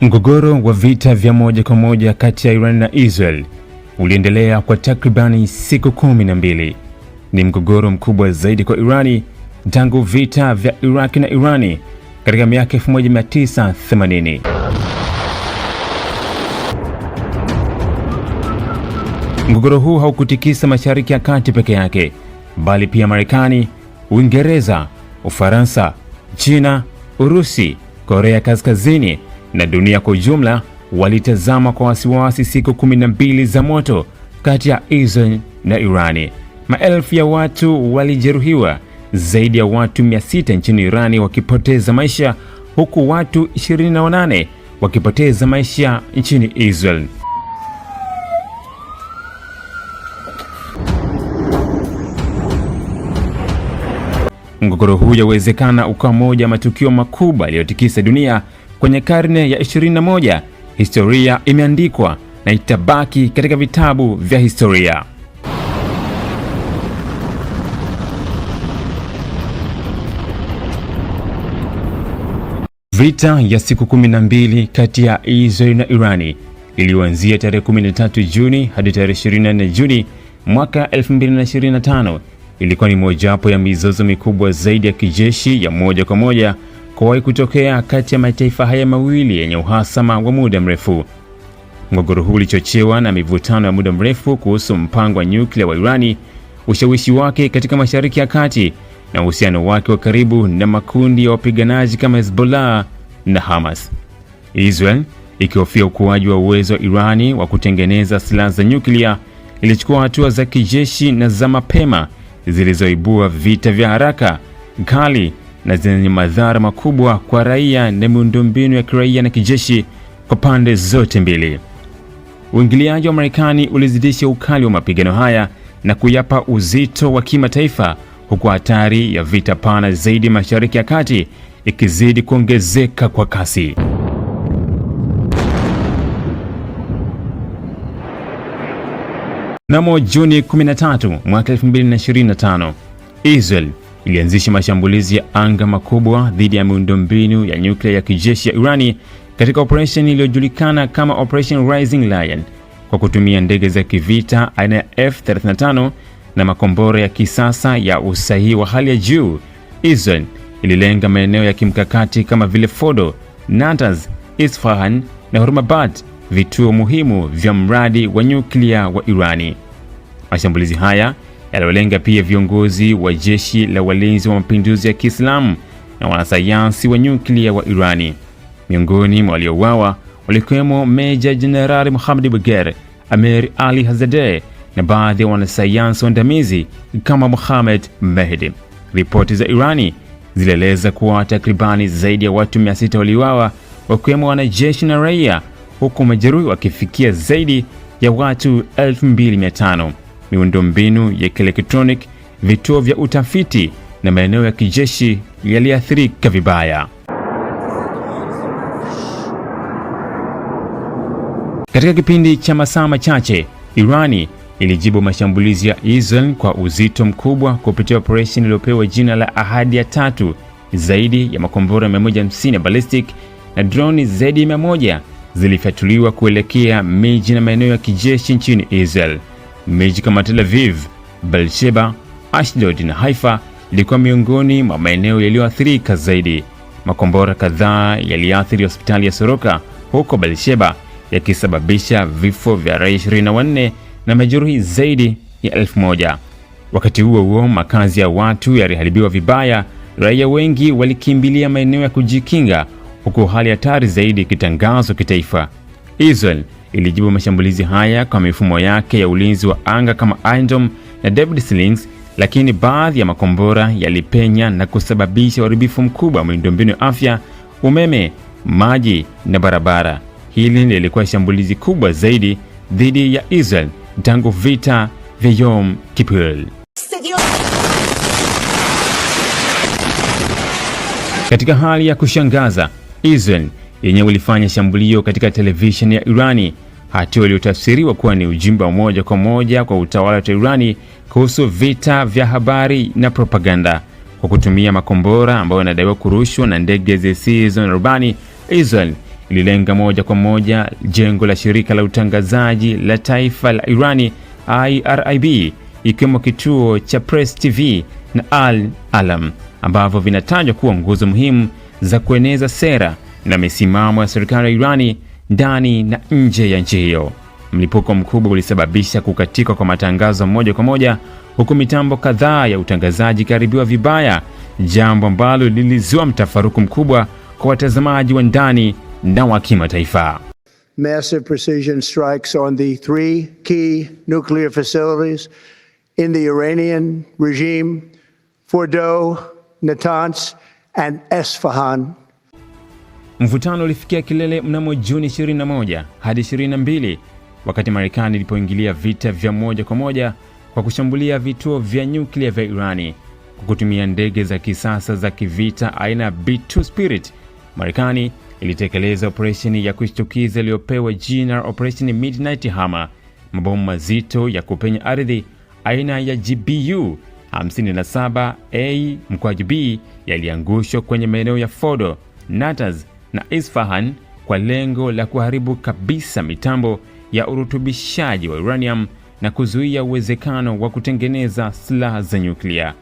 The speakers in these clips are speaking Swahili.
Mgogoro wa vita vya moja kwa moja kati ya Iran na Israel uliendelea kwa takribani siku kumi na mbili. Ni mgogoro mkubwa zaidi kwa Irani tangu vita vya Iraki na Irani katika miaka 1980. Mgogoro huu haukutikisa Mashariki ya Kati peke yake, bali pia Marekani, Uingereza, Ufaransa, China, Urusi, Korea Kaskazini na dunia kwa ujumla walitazama kwa wasiwasi siku 12 za moto kati ya Israel na Irani. Maelfu ya watu walijeruhiwa, zaidi ya watu 600 nchini Irani wakipoteza maisha, huku watu 28 wakipoteza maisha nchini Israel. Mgogoro huu yawezekana ukawa moja matukio makubwa yaliyotikisa dunia kwenye karne ya 21, historia imeandikwa na itabaki katika vitabu vya historia. Vita ya siku 12 kati ya israel na Irani iliyoanzia tarehe 13 Juni hadi tarehe 24 Juni mwaka 2025 ilikuwa ni mojawapo ya mizozo mikubwa zaidi ya kijeshi ya moja kwa moja kuwahi kutokea kati ya mataifa haya mawili yenye uhasama wa muda mrefu. Mgogoro huu ulichochewa na mivutano ya muda mrefu kuhusu mpango wa nyuklia wa Irani, ushawishi wake katika Mashariki ya Kati na uhusiano wake wa karibu na makundi ya wapiganaji kama Hezbollah na Hamas. Israel ikihofia ukuaji wa uwezo wa Irani wa kutengeneza silaha za nyuklia, ilichukua hatua za kijeshi na za mapema zilizoibua vita vya haraka kali na zenye madhara makubwa kwa raia na miundombinu ya kiraia na kijeshi kwa pande zote mbili. Uingiliaji wa Marekani ulizidisha ukali wa mapigano haya na kuyapa uzito wa kimataifa, huku hatari ya vita pana zaidi Mashariki ya Kati ikizidi kuongezeka kwa kasi. Mnamo Juni 13 mwaka 2025, Israel ilianzisha mashambulizi ya anga makubwa dhidi ya miundombinu ya nyuklia ya kijeshi ya Irani katika operesheni iliyojulikana kama Operation Rising Lion kwa kutumia ndege za kivita aina ya F-35 na makombora ya kisasa ya usahihi wa hali ya juu. Israel ililenga maeneo ya kimkakati kama vile Fordo, Natanz, Isfahan na Hormabad, vituo muhimu vya mradi wa nyuklia wa Irani. Mashambulizi haya yaliyolenga pia viongozi wa jeshi la walinzi wa mapinduzi ya Kiislamu na wanasayansi wa nyuklia wa Irani. Miongoni mwa waliouawa walikuwemo Meja Jenerali Mohamed Buger, Amir Ali Hazade na baadhi ya wanasayansi waandamizi kama Mohamed Mehdi. Ripoti za Irani zilieleza kuwa takribani zaidi ya watu 600 waliuawa wakiwemo wanajeshi na raia, huku majeruhi wakifikia zaidi ya watu 2500 miundombinu ya kielektroniki, vituo vya utafiti na maeneo ya kijeshi yaliathirika vibaya. Katika kipindi cha masaa machache, Irani ilijibu mashambulizi ya Israel kwa uzito mkubwa kupitia operesheni iliyopewa jina la Ahadi ya Tatu. Zaidi ya makombora 150 ya ballistic na droni zaidi ya 100 zilifyatuliwa kuelekea miji na maeneo ya kijeshi nchini Israel. Miji kama Tel Aviv, Beersheba, Ashdod na Haifa ilikuwa miongoni mwa maeneo yaliyoathirika zaidi. Makombora kadhaa yaliathiri hospitali ya Soroka huko Beersheba yakisababisha vifo vya raia 24 na majeruhi zaidi ya elfu moja. Wakati huo huo, makazi ya watu yaliharibiwa vibaya, raia wengi walikimbilia maeneo ya kujikinga, huku hali hatari zaidi ikitangazwa kitaifa. Israel ilijibu mashambulizi haya kwa mifumo yake ya ulinzi wa anga kama Iron Dome na David Slings, lakini baadhi ya makombora yalipenya na kusababisha uharibifu mkubwa wa miundombinu ya afya, umeme, maji na barabara. Hili lilikuwa shambulizi kubwa zaidi dhidi ya Israel tangu vita vya Yom Kippur. Katika hali ya kushangaza, Israel yenyewe ilifanya shambulio katika televisheni ya Irani, hatua iliyotafsiriwa kuwa ni ujumbe wa moja kwa moja kwa utawala wa Teherani kuhusu vita vya habari na propaganda. Kwa kutumia makombora ambayo yanadaiwa kurushwa na ndege zisizo na rubani, Israel ililenga moja kwa moja jengo la shirika la utangazaji la taifa la Irani IRIB, ikiwemo kituo cha Press TV na Al Alam ambavyo vinatajwa kuwa nguzo muhimu za kueneza sera na misimamo ya serikali ya Irani ndani na nje ya nchi hiyo. Mlipuko mkubwa ulisababisha kukatika kwa matangazo moja kwa moja, huku mitambo kadhaa ya utangazaji ikiharibiwa vibaya, jambo ambalo lilizua mtafaruku mkubwa kwa watazamaji wa ndani na wa kimataifa. Massive precision strikes on the three key nuclear facilities in the Iranian regime, Fordow, Natanz and Esfahan. Mvutano ulifikia kilele mnamo Juni 21 hadi 22 wakati Marekani ilipoingilia vita vya moja kwa moja kwa kushambulia vituo vya nyuklia vya Irani kwa kutumia ndege za kisasa za kivita aina ya B2 Spirit. Marekani ilitekeleza operesheni ya kushtukiza iliyopewa jina Operation Midnight Hammer, mabomu mazito ya kupenya ardhi aina ya GBU 57A mkwaju B yaliangushwa kwenye maeneo ya Fordo, Natanz na Isfahan kwa lengo la kuharibu kabisa mitambo ya urutubishaji wa uranium na kuzuia uwezekano wa kutengeneza silaha za nyuklia.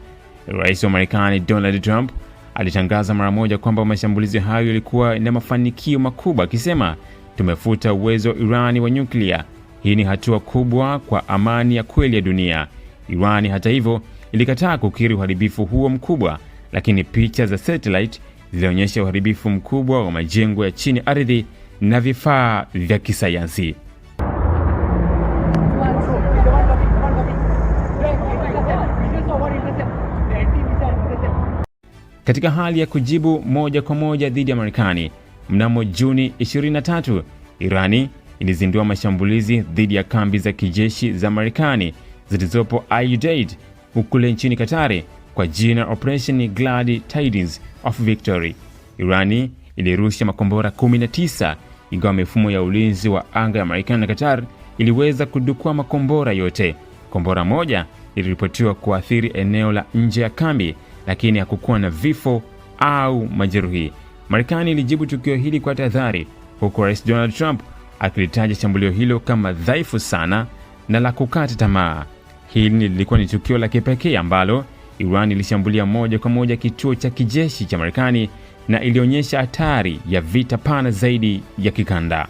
Rais wa Marekani Donald Trump alitangaza mara moja kwamba mashambulizi hayo yalikuwa na mafanikio makubwa, akisema tumefuta uwezo wa Irani wa nyuklia. Hii ni hatua kubwa kwa amani ya kweli ya dunia. Irani hata hivyo ilikataa kukiri uharibifu huo mkubwa, lakini picha za satellite zilionyesha uharibifu mkubwa wa majengo ya chini ardhi na vifaa vya kisayansi. Katika hali ya kujibu moja kwa moja dhidi ya Marekani, mnamo Juni 23 Irani ilizindua mashambulizi dhidi ya kambi za kijeshi za Marekani zilizopo Al Udeid kule nchini Katari kwa jina Operation Glad Tidings of Victory. Irani ilirusha makombora 19 ingawa mifumo ya ulinzi wa anga ya Marekani na Qatar iliweza kudukua makombora yote. Kombora moja iliripotiwa kuathiri eneo la nje ya kambi, lakini hakukuwa na vifo au majeruhi. Marekani ilijibu tukio hili kwa tahadhari, huku Rais Donald Trump akilitaja shambulio hilo kama dhaifu sana na la kukata tamaa. Hili lilikuwa ni tukio la kipekee ambalo Iran ilishambulia moja kwa moja kituo cha kijeshi cha Marekani na ilionyesha hatari ya vita pana zaidi ya kikanda.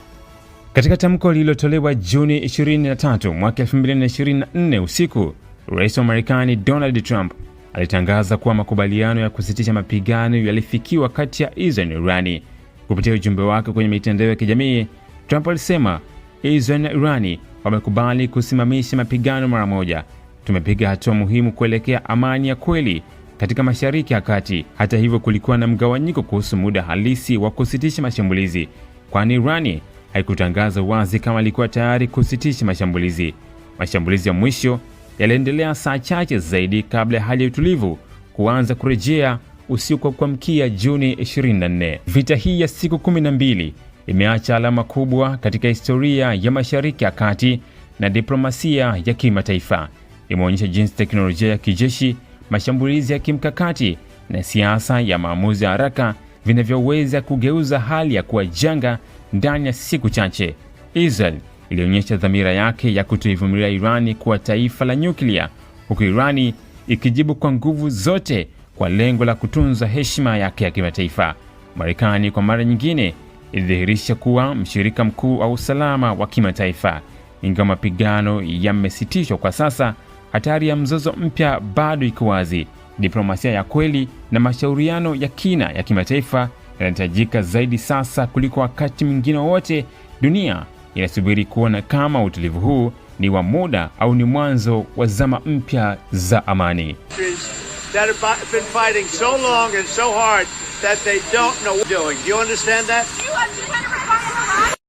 Katika tamko lililotolewa Juni 23 mwaka 2024 usiku, Rais wa Marekani Donald Trump alitangaza kuwa makubaliano ya kusitisha mapigano yalifikiwa kati ya Israel na Irani. Kupitia ujumbe wake kwenye mitandao ya kijamii, Trump alisema Israel na Irani wamekubali kusimamisha mapigano mara moja tumepiga hatua muhimu kuelekea amani ya kweli katika Mashariki ya Kati. Hata hivyo, kulikuwa na mgawanyiko kuhusu muda halisi wa kusitisha mashambulizi, kwani Irani haikutangaza wazi kama ilikuwa tayari kusitisha mashambulizi. Mashambulizi ya mwisho yaliendelea saa chache zaidi kabla ya hali ya utulivu kuanza kurejea usiku wa kuamkia Juni 24. Vita hii ya siku 12 imeacha alama kubwa katika historia ya Mashariki ya Kati na diplomasia ya kimataifa imeonyesha jinsi teknolojia ya kijeshi, mashambulizi ya kimkakati na siasa ya maamuzi ya haraka vinavyoweza kugeuza hali ya kuwa janga ndani ya siku chache. Israel ilionyesha dhamira yake ya kutoivumilia Irani kuwa taifa la nyuklia, huku Irani ikijibu kwa nguvu zote kwa lengo la kutunza heshima yake ya kimataifa. Marekani kwa mara nyingine ilidhihirisha kuwa mshirika mkuu wa usalama wa kimataifa. Ingawa mapigano yamesitishwa kwa sasa, hatari ya mzozo mpya bado iko wazi. Diplomasia ya kweli na mashauriano ya kina ya kimataifa yanahitajika zaidi sasa kuliko wakati mwingine wowote. Dunia inasubiri kuona kama utulivu huu ni wa muda au ni mwanzo wa zama mpya za amani.